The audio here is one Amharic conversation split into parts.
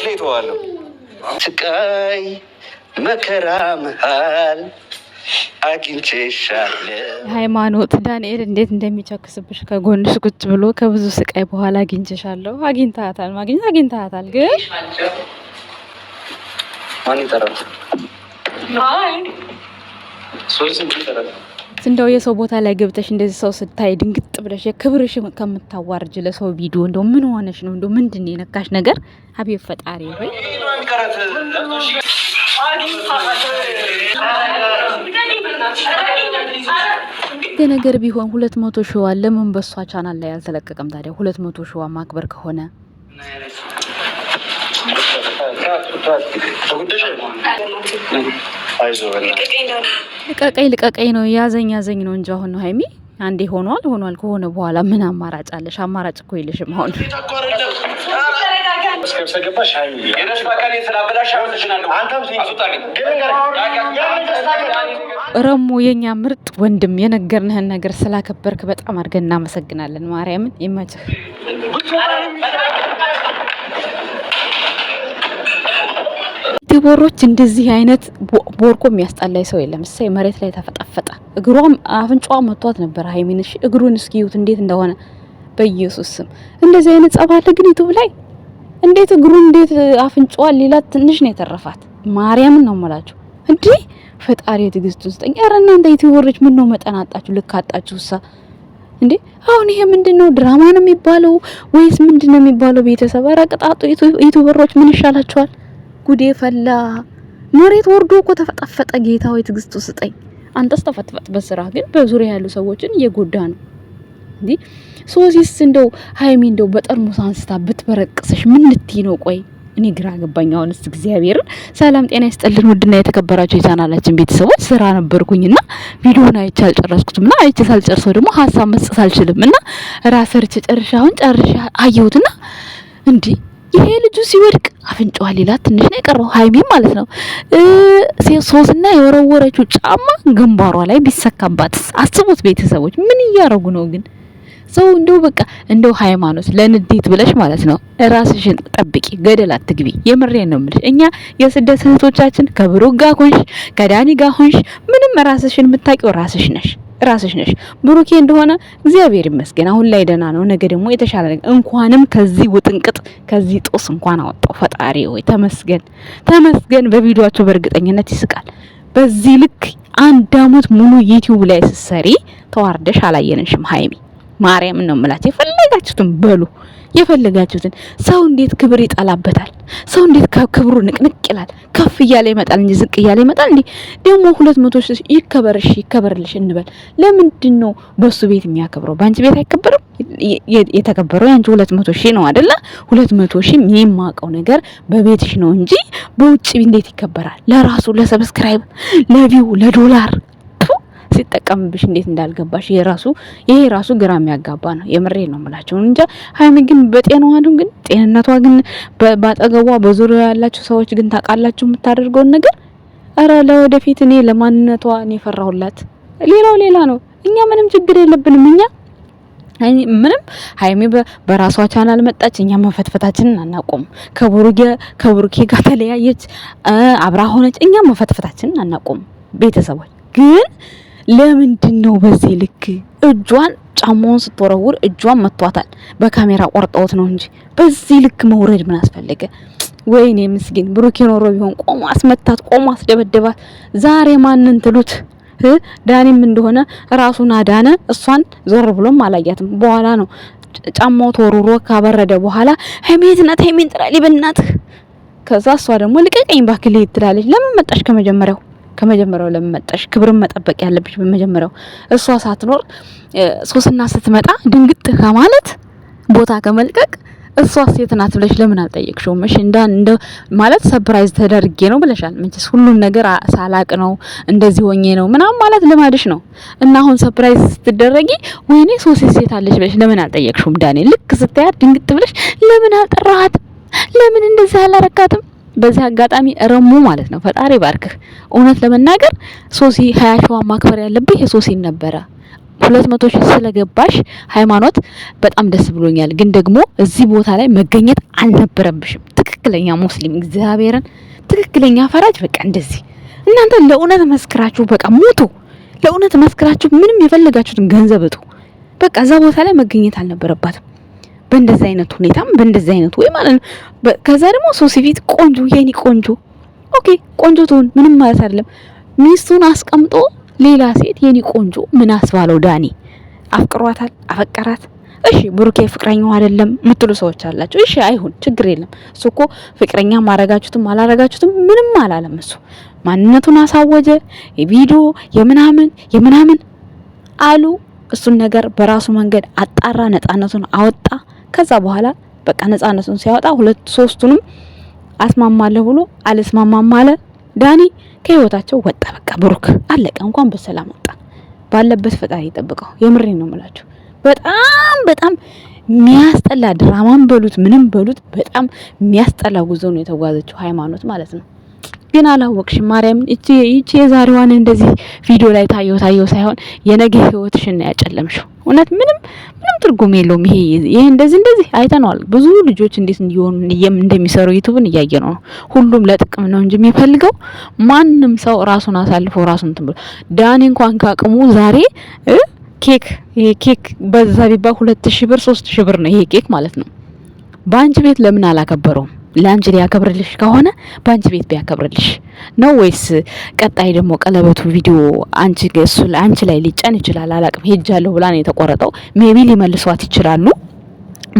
አንቺ ላይ ተዋለሁ። ስቃይ መከራ መሃል ሃይማኖት ዳንኤል እንዴት እንደሚቸክስብሽ ከጎንሽ ቁጭ ብሎ ከብዙ ስቃይ በኋላ አግኝቼሻለሁ። አግኝታታል ማግኘት አግኝታታል። ግን ማን ይጠራል? ይጠራል? እንደው የሰው ቦታ ላይ ገብተሽ እንደዚህ ሰው ስታይ ድንግጥ ብለሽ የክብርሽ ከምታዋርጅ ለሰው ቪዲዮ እንደው ምን ሆነሽ ነው? እንደው ምንድን የነካሽ ነገር? አቤት ፈጣሪ ሆይ ነገር ቢሆን ሁለት መቶ ሸዋ ለምን በሷ ቻናል ላይ አልተለቀቀም ታዲያ? ሁለት መቶ ሸዋ ማክበር ከሆነ ልቀቀኝ ልቀቀኝ ነው ያዘኝ ያዘኝ ነው እንጂ አሁን ነው ሀይሚ አንዴ ሆኗል ሆኗል ከሆነ በኋላ ምን አማራጭ አለሽ? አማራጭ እኮ የለሽም አሁን ረሞ የኛ ምርጥ ወንድም የነገርንህን ነገር ስላከበርክ በጣም አድርገን እናመሰግናለን። ማርያምን ይመችህ። ቦሮች እንደዚህ አይነት ቦርኮ የሚያስጠላይ ሰው የለም። እሰይ መሬት ላይ ተፈጠፈጠ። እግሯም አፍንጫዋ መቷት ነበር። ሀይሚንሽ እግሩን እስኪዩት እንዴት እንደሆነ በኢየሱስ ስም። እንደዚህ አይነት ጸባለ ግን ዩቱብ ላይ እንዴት እግሩ እንዴት አፍንጫዋ ሌላ ትንሽ ነው የተረፋት። ማርያምን ነው የምላችሁ እንዲህ ፈጣሪ የትዕግስቱን ስጠኝ። ኧረ እናንተ ዩቲዩበሮች ምን ነው መጠን አጣችሁ? ልክ አጣችሁሳ እንዴ! አሁን ይሄ ምንድን ነው ድራማ ነው የሚባለው ወይስ ምንድን ነው የሚባለው? ቤተሰብ ኧረ ቅጣጡ ምን ይሻላችኋል? ጉዴ ፈላ። መሬት ወርዶ እኮ ተፈጠፈጠ። ጌታ ወይ ትግስቱ ስጠኝ። አንተስ ተፈጥፈጥ በስራ ግን በዙሪያ ያሉ ሰዎችን እየጎዳ ነው። እንዲ ሶሲስ እንደው ሀይሚ እንደው በጠርሙስ አንስታ ብትበረቅሰሽ ምን ልትይ ነው? ቆይ እኔ ግራ ገባኝ። አሁንስ እግዚአብሔርን። ሰላም ጤና ይስጥልን ውድና የተከበራችሁ የቻናላችን ቤተሰቦች፣ ስራ ነበርኩኝና ቪዲዮውን አይቼ አልጨረስኩትም እና አይቼ ሳልጨርሰው ደግሞ ሀሳብ መስጠት አልችልም እና ራሰርች ጨርሻ አሁን ጨርሻ አየሁትና እንዲህ ይሄ ልጁ ሲወድቅ አፍንጫዋ ሌላ ትንሽ ነው የቀረው፣ ሀይሚም ማለት ነው። ሶስና የወረወረችው ጫማ ግንባሯ ላይ ቢሰካባት አስቡት ቤተሰቦች፣ ምን እያረጉ ነው ግን? ሰው እንደው በቃ እንደው ሃይማኖት ለንዴት ብለሽ ማለት ነው ራስሽን ጠብቂ፣ ገደል አትግቢ። የምሬ ነው የምልሽ። እኛ የስደት እህቶቻችን ከብሩክ ጋር ሆንሽ ከዳኒ ጋር ሆንሽ ምንም ራስሽን የምታውቂው ራስሽ ነሽ። ራስሽ ነሽ። ብሩኬ እንደሆነ እግዚአብሔር ይመስገን አሁን ላይ ደህና ነው። ነገ ደግሞ የተሻለ ነገር እንኳንም ከዚህ ውጥንቅጥ ከዚህ ጦስ እንኳን አወጣው ፈጣሪ ወይ ተመስገን፣ ተመስገን። በቪዲዮአቸው በእርግጠኝነት ይስቃል። በዚህ ልክ አንድ አመት ሙሉ ዩቲዩብ ላይ ስትሰሪ ተዋርደሽ አላየንሽም ሀይሚ ማርያም ነው የምላት። የፈለጋችሁትን በሉ የፈለጋችሁትን። ሰው እንዴት ክብር ይጠላበታል? ሰው እንዴት ከክብሩ ንቅንቅ ይላል? ከፍ እያለ ይመጣል እንጂ ዝቅ እያለ ይመጣል እንዴ? ደግሞ ሁለት መቶ ሺህ ይከበርሽ ይከበርልሽ እንበል። ለምንድን ነው በሱ ቤት የሚያከብረው? በአንቺ ቤት አይከበርም? የተከበረው ያንቺ ሁለት መቶ ሺህ ነው አይደለ? ሁለት መቶ ሺህ የማውቀው ነገር በቤትሽ ነው እንጂ በውጭ እንዴት ይከበራል? ለራሱ ለሰብስክራይብ ለቪው ለዶላር ሲጠቀምብሽ እንዴት እንዳልገባሽ ይሄ ራሱ ይሄ ራሱ ግራ የሚያጋባ ነው። የምሬ ነው የምላቸው። እንጃ ሀይሚ ግን በጤናዋ ግን ጤንነቷ ግን ባጠገቧ በዙሪያ ያላችሁ ሰዎች ግን ታውቃላችሁ የምታደርገውን ነገር። አረ ለወደፊት እኔ ለማንነቷ እኔ ፈራሁላት። ሌላው ሌላ ነው። እኛ ምንም ችግር የለብንም እኛ ምንም ሀይሚ በራሷ ቻናል መጣች። እኛ መፈትፈታችንን አናቆም። ከቡሩጌ ከቡሩኬ ጋር ተለያየች፣ አብራ ሆነች። እኛ መፈትፈታችንን አናቆም። ቤተሰቦች ግን ለምንድን ነው በዚህ ልክ እጇን ጫማውን ስትወረውር እጇን መቷታል። በካሜራ ቆርጠውት ነው እንጂ በዚህ ልክ መውረድ ምን አስፈለገ? ወይኔ ምስኪን ብሩኬ ኖሮ ቢሆን ቆሞ አስመታት፣ ቆሞ አስደበደባት። ዛሬ ማንን ትሉት? ዳኒም እንደሆነ ራሱን አዳነ። እሷን ዞር ብሎም አላያትም። በኋላ ነው ጫማው ተወርሮ ካበረደ በኋላ ሀይሜት ናት ሀይሜን ጥላሊ በእናትህ። ከዛ እሷ ደግሞ ልቀቀኝ ባክልህ ትላለች። ለምን መጣሽ ከመጀመሪያው ከመጀመሪያው ለምን መጣሽ? ክብርን መጠበቅ ያለብሽ በመጀመሪያው እሷ ሳትኖር ሶስና ስትመጣ ድንግጥ ከማለት ቦታ ከመልቀቅ እሷ ሴት ናት ብለሽ ለምን አልጠየቅሽውም? እሺ እንዳ እንደ ማለት ሰርፕራይዝ ተደርጌ ነው ብለሻል። መቼስ ሁሉን ነገር ሳላቅ ነው እንደዚህ ሆኜ ነው ምናም ማለት ልማድሽ ነው እና አሁን ሰርፕራይዝ ስትደረጊ ወይኔ ሶስት ሴት አለሽ ብለሽ ለምን አልጠየቅሽውም? ዳኔ ልክ ስታያት ድንግጥ ብለሽ ለምን አልጠራሃትም? ለምን እንደዚህ አላረካትም? በዚህ አጋጣሚ ረሙ ማለት ነው። ፈጣሪ ባርክህ። እውነት ለመናገር ሶሲ ሀያ ማክበር ያለብህ የሶሲን ነበረ። ሁለት መቶ ሺህ ስለገባሽ ሃይማኖት በጣም ደስ ብሎኛል። ግን ደግሞ እዚህ ቦታ ላይ መገኘት አልነበረብሽም። ትክክለኛ ሙስሊም እግዚአብሔርን ትክክለኛ ፈራጅ በቃ እንደዚህ እናንተ ለእውነት መስክራችሁ በቃ ሞቱ ለእውነት መስክራችሁ ምንም የፈለጋችሁትን ገንዘብ እጡ። በቃ እዛ ቦታ ላይ መገኘት አልነበረባትም። በእንደዚህ አይነት ሁኔታም በእንደዚህ አይነት ወይ ማለት ነው። ከዛ ደግሞ ሶሲ ፊት ቆንጆ የኔ ቆንጆ ኦኬ፣ ቆንጆ ትሁን ምንም ማለት አይደለም። ሚስቱን አስቀምጦ ሌላ ሴት የኔ ቆንጆ ምን አስባለው? ዳኒ አፍቅሯታል፣ አፈቀራት። እሺ ብሩኬ ፍቅረኛው አይደለም የምትሉ ሰዎች አላቸው። እሺ አይሁን፣ ችግር የለም። እሱ እኮ ፍቅረኛ ማረጋችሁትም አላረጋችሁትም ምንም አላለም። እሱ ማንነቱን አሳወጀ። የቪዲዮ የምናምን የምናምን አሉ። እሱን ነገር በራሱ መንገድ አጣራ፣ ነፃነቱን አወጣ። ከዛ በኋላ በቃ ነጻነቱን ሲያወጣ ሁለት ሶስቱንም አስማማለሁ ብሎ አልስማማም አለ ዳኒ። ከህይወታቸው ወጣ። በቃ ብሩክ አለቀ። እንኳን በሰላም ወጣ። ባለበት ፈጣሪ ይጠብቀው። የምሬ ነው የምላችሁ። በጣም በጣም የሚያስጠላ ድራማን በሉት ምንም በሉት በጣም የሚያስጠላ ጉዞ ነው የተጓዘችው ሃይማኖት ማለት ነው። ግን አላወቅሽም። ማርያምን እቺ እቺ የዛሬዋን እንደዚህ ቪዲዮ ላይ ታየው ታየው ሳይሆን የነገ ህይወትሽን ነው ያጨለምሽው። እውነት ምንም ምንም ትርጉም የለውም። ይሄ ይሄ እንደዚህ እንደዚህ አይተነዋል። ብዙ ልጆች እንዴት እንዲሆኑ እንደሚሰሩ ዩቲዩብን እያየ ነው። ሁሉም ለጥቅም ነው እንጂ የሚፈልገው ማንም ሰው ራሱን አሳልፎ ራሱን እንትን ብሎ ዳኒ እንኳን ካቅሙ ዛሬ ኬክ ይሄ ኬክ በዛ ቢባ ሁለት ሺህ ብር ሶስት ሺህ ብር ነው ይሄ ኬክ ማለት ነው። በአንቺ ቤት ለምን አላከበረውም? ለአንቺ ሊያከብርልሽ ከሆነ በአንቺ ቤት ቢያከብርልሽ ነው ወይስ ቀጣይ ደግሞ ቀለበቱ ቪዲዮ አንቺ እሱ አንቺ ላይ ሊጫን ይችላል። አላቅም ሄጃለሁ ብላ ነው የተቆረጠው። ሜቢ ሊመልሷት ይችላሉ።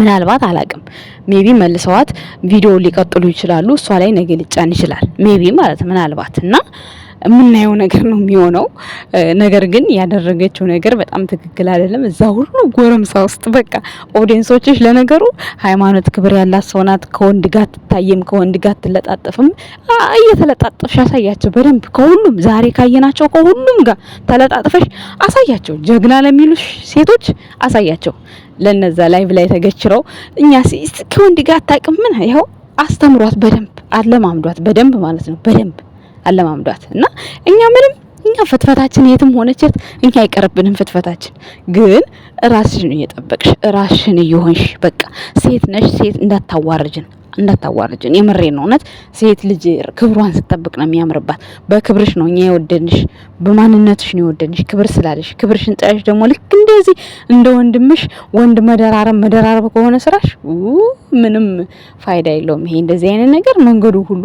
ምናልባት አላቅም ሜቢ መልሰዋት ቪዲዮ ሊቀጥሉ ይችላሉ። እሷ ላይ ነገ ሊጫን ይችላል ሜቢ ማለት ምናልባት እና የምናየው ነገር ነው የሚሆነው። ነገር ግን ያደረገችው ነገር በጣም ትክክል አይደለም። እዛ ሁሉ ጎረምሳ ውስጥ በቃ ኦዲየንሶችሽ፣ ለነገሩ ሃይማኖት ክብር ያላት ሰው ናት። ከወንድ ጋር ትታየም፣ ከወንድ ጋር ትለጣጠፍም። እየተለጣጠፍሽ አሳያቸው በደንብ ከሁሉም ዛሬ ካየናቸው ከሁሉም ጋር ተለጣጥፈሽ አሳያቸው። ጀግና ለሚሉሽ ሴቶች አሳያቸው። ለነዛ ላይቭ ላይ ተገችረው እኛ ከወንድ ጋር አታውቅም ምን ይኸው አስተምሯት በደንብ አለማምዷት በደንብ ማለት ነው በደንብ አለማምዷት እና እኛ ምንም እኛ ፍትፈታችን የትም ሆነችት የት እኛ አይቀርብንም። ፍትፈታችን ግን ራስሽን እየጠበቅሽ ራስሽን እየሆንሽ በቃ ሴት ነሽ ሴት እንዳታዋርጅን እንዳታዋርጅን። ነው። እውነት ሴት ልጅ ክብሯን ስጠብቅ ነው የሚያምርባት። በክብርሽ ነው እኛ የወደንሽ፣ በማንነትሽ ነው የወደንሽ፣ ክብር ስላለሽ። ክብርሽን ጥለሽ ደግሞ ልክ እንደዚህ እንደ ወንድምሽ ወንድ መደራረብ መደራረብ ከሆነ ስራሽ ምንም ፋይዳ የለውም። ይሄ እንደዚህ አይነት ነገር መንገዱ ሁሉ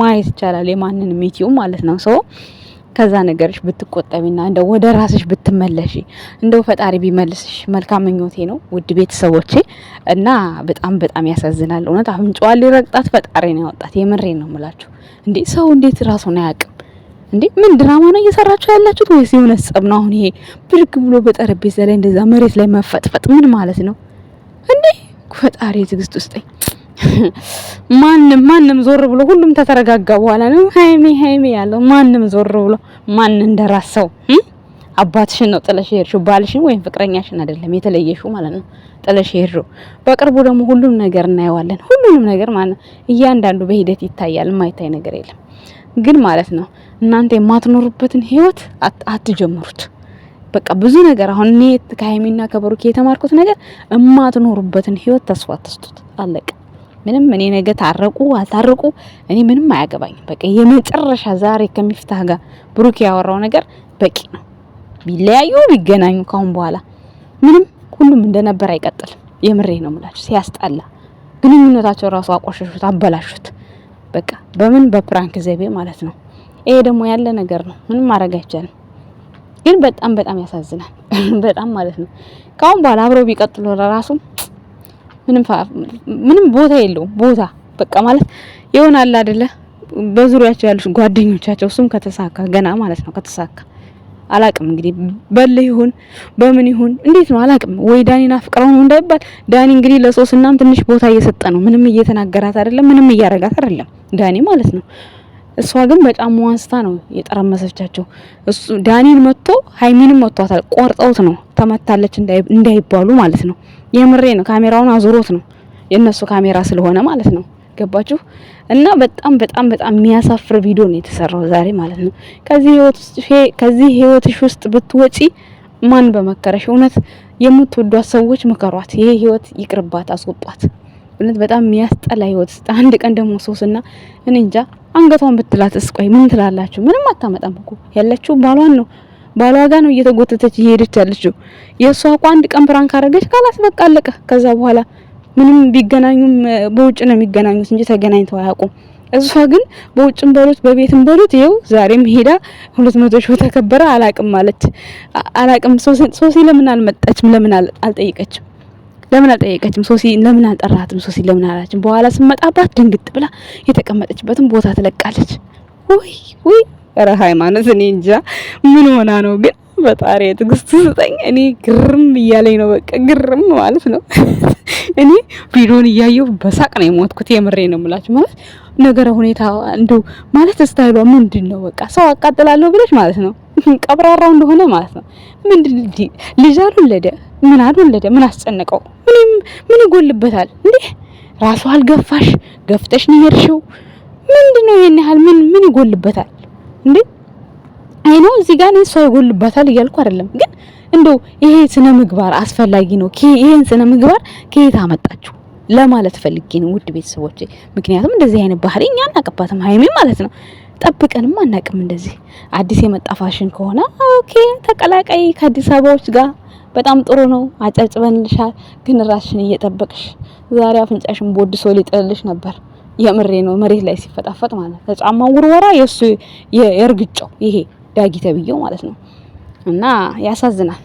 ማየት ይቻላል። የማንንም ኢትዮ ማለት ነው ሰው ከዛ ነገርሽ ብትቆጠቢና እንደው ወደ ራስሽ ብትመለሺ እንደው ፈጣሪ ቢመልስሽ መልካም ምኞቴ ነው። ውድ ቤተሰቦቼ እና በጣም በጣም ያሳዝናል እውነት። አፍንጫዋ ሊረግጣት ፈጣሪ ነው ያወጣት። የምሬ ነው የምላችሁ። እንዴ ሰው እንዴት ራሱን አያውቅም እንዴ? ምን ድራማ ነው እየሰራችሁ ያላችሁት ወይስ የሆነ ጸብ ነው? አሁን ይሄ ብድግ ብሎ በጠረጴዛ ላይ እንደዛ መሬት ላይ መፈጥፈጥ ምን ማለት ነው እንዴ? ፈጣሪ ትዕግስት ውስጠኝ ማንም ማንም ዞር ብሎ ሁሉም ተተረጋጋ በኋላ ነው ሀይሜ ሀይሜ ያለው። ማንም ዞር ብሎ ማን እንደራሰው አባትሽን ነው ጥለሽ የሄድሽው፣ ባልሽን ወይም ፍቅረኛሽን አይደለም የተለየሽው ማለት ነው ጥለሽ የሄድሽው። በቅርቡ ደግሞ ሁሉም ነገር እናየዋለን። ሁሉንም ነገር ማለት እያንዳንዱ በሂደት ይታያል። የማይታይ ነገር የለም። ግን ማለት ነው እናንተ የማትኖሩበትን ህይወት አትጀምሩት። በቃ ብዙ ነገር አሁን እኔ ከሀይሚና ከብሩኬ የተማርኩት ነገር የማትኖሩበትን ህይወት ተስፋ አትስጡት። አለቀ። ምንም እኔ ነገ ታረቁ አልታረቁ እኔ ምንም አያገባኝም። በቃ የመጨረሻ ዛሬ ከሚፍታህ ጋር ብሩክ ያወራው ነገር በቂ ነው። ቢለያዩ ቢገናኙ ካሁን በኋላ ምንም ሁሉም እንደነበር አይቀጥልም። የምሬ ነው የምላችሁ። ሲያስጠላ ግንኙነታቸው ራሱ አቆሸሹት፣ አበላሹት። በቃ በምን በፕራንክ ዘይቤ ማለት ነው። ይሄ ደግሞ ያለ ነገር ነው። ምንም ማድረግ አይቻልም። ግን በጣም በጣም ያሳዝናል። በጣም ማለት ነው። ካሁን በኋላ አብረው ቢቀጥሉ ለራሱ ምንም ቦታ የለውም። ቦታ በቃ ማለት ይሆናል አይደለ? በዙሪያቸው ያሉ ጓደኞቻቸው እሱም ከተሳካ ገና ማለት ነው ከተሳካ አላቅም እንግዲህ በል ይሁን በምን ይሁን እንዴት ነው አላቅም። ወይ ዳኒና ፍቅረው ነው እንዳይባል ዳኒ እንግዲህ ለሶስናም ትንሽ ቦታ እየሰጠ ነው። ምንም እየተናገራት አይደለም፣ ምንም እያረጋት አይደለም ዳኒ ማለት ነው። እሷ ግን በጫማዋ አንስታ ነው የጠረመሰቻቸው። እሱ ዳኒን መጥቶ ሀይሚንም መጥቷታል። ቆርጠውት ነው ተመታለች እንዳይባሉ ማለት ነው። የምሬ ነው። ካሜራውን አዞሮት ነው የእነሱ ካሜራ ስለሆነ ማለት ነው። ገባችሁ? እና በጣም በጣም በጣም የሚያሳፍር ቪዲዮ ነው የተሰራው ዛሬ ማለት ነው። ከዚህ ህይወት ውስጥ ከዚህ ህይወትሽ ውስጥ ብትወጪ ማን በመከረሽ? እውነት የምትወዷት ሰዎች ምከሯት። ይሄ ህይወት ይቅርባት፣ አስወጧት። እውነት በጣም የሚያስጠላ ህይወት ውስጥ አንድ ቀን ደግሞ ሶስና እኔ እንጃ አንገቷን ብትላት እስቆይ ምን ትላላችሁ? ምንም አታመጣም እኮ ያለችው ባሏን ነው ባሏ ነው እየተጎተተች እየሄደች ያለችው። የእሷ እኮ አንድ ቀን ፕራንክ አረገች ካላስ በቃ አለቀ። ከዛ በኋላ ምንም ቢገናኙም በውጭ ነው የሚገናኙት እንጂ ተገናኝተው አያውቁም። እሷ ግን በውጭም በሉት በቤትም በሉት ይኸው ዛሬም ሄዳ ሁለት መቶ ሺህ ተከበረ አላቅም ማለች አላቅም። ሶሲ ለምን አልመጣችም? ለምን አልጠየቀችም? ለምን አልጠየቀችም? ሶሲ ለምን አልጠራትም? ሶሲ ለምን አላችም? በኋላ ስመጣባት ድንግጥ ብላ የተቀመጠችበትን ቦታ ትለቃለች። ውይ ውይ ረ ሃይማኖት እኔ እንጃ ምን ሆና ነው ግን በጣሪ ትግስት ስጠኝ። እኔ ግርም እያለኝ ነው፣ በቃ ግርም ማለት ነው። እኔ ቪዲዮን እያየው በሳቅ ነው የሞትኩት። የምሬ ነው የምላችሁ ማለት ነገረ ሁኔታ እንደው ማለት ስታይሏ ምንድን ነው? በቃ ሰው አቃጥላለሁ ብለሽ ማለት ነው። ቀብራራው እንደሆነ ማለት ነው። ምንድን ልጅ አልወለደ ምን አልወለደ ምን አስጨነቀው? ምንም ምን ይጎልበታል እንዴ? ራሱ አልገፋሽ ገፍተሽ ነው የሄድሽው። ምንድን ነው ይሄን ያህል ምን ምን ይጎልበታል? እንዴ አይ ነው እዚህ ጋር እኔ ሰው ይጎልባታል እያልኩ አይደለም፣ ግን እንደው ይሄ ስነ ምግባር አስፈላጊ ነው። ይሄን ስነ ምግባር ከየት አመጣችሁ ለማለት ፈልጌ ነው ውድ ቤተሰቦቼ። ምክንያቱም እንደዚህ አይነት ባህሪ እኛ አናቀባትም ሀይሜ ማለት ነው። ጠብቀንም አናቅም። እንደዚህ አዲስ የመጣ ፋሽን ከሆነ ኦኬ ተቀላቀይ ከአዲስ አበባዎች ጋር በጣም ጥሩ ነው፣ አጨብጭበንልሻል። ግን ራስሽን እየጠበቅሽ ዛሬ አፍንጫሽን ቦድሶ ሊጥልሽ ነበር። የምሬ ነው። መሬት ላይ ሲፈጣፈጥ ማለት ነው። ከጫማው ውርወራ የእሱ የእርግጫው ይሄ ዳጊ ተብዬው ማለት ነው እና ያሳዝናል።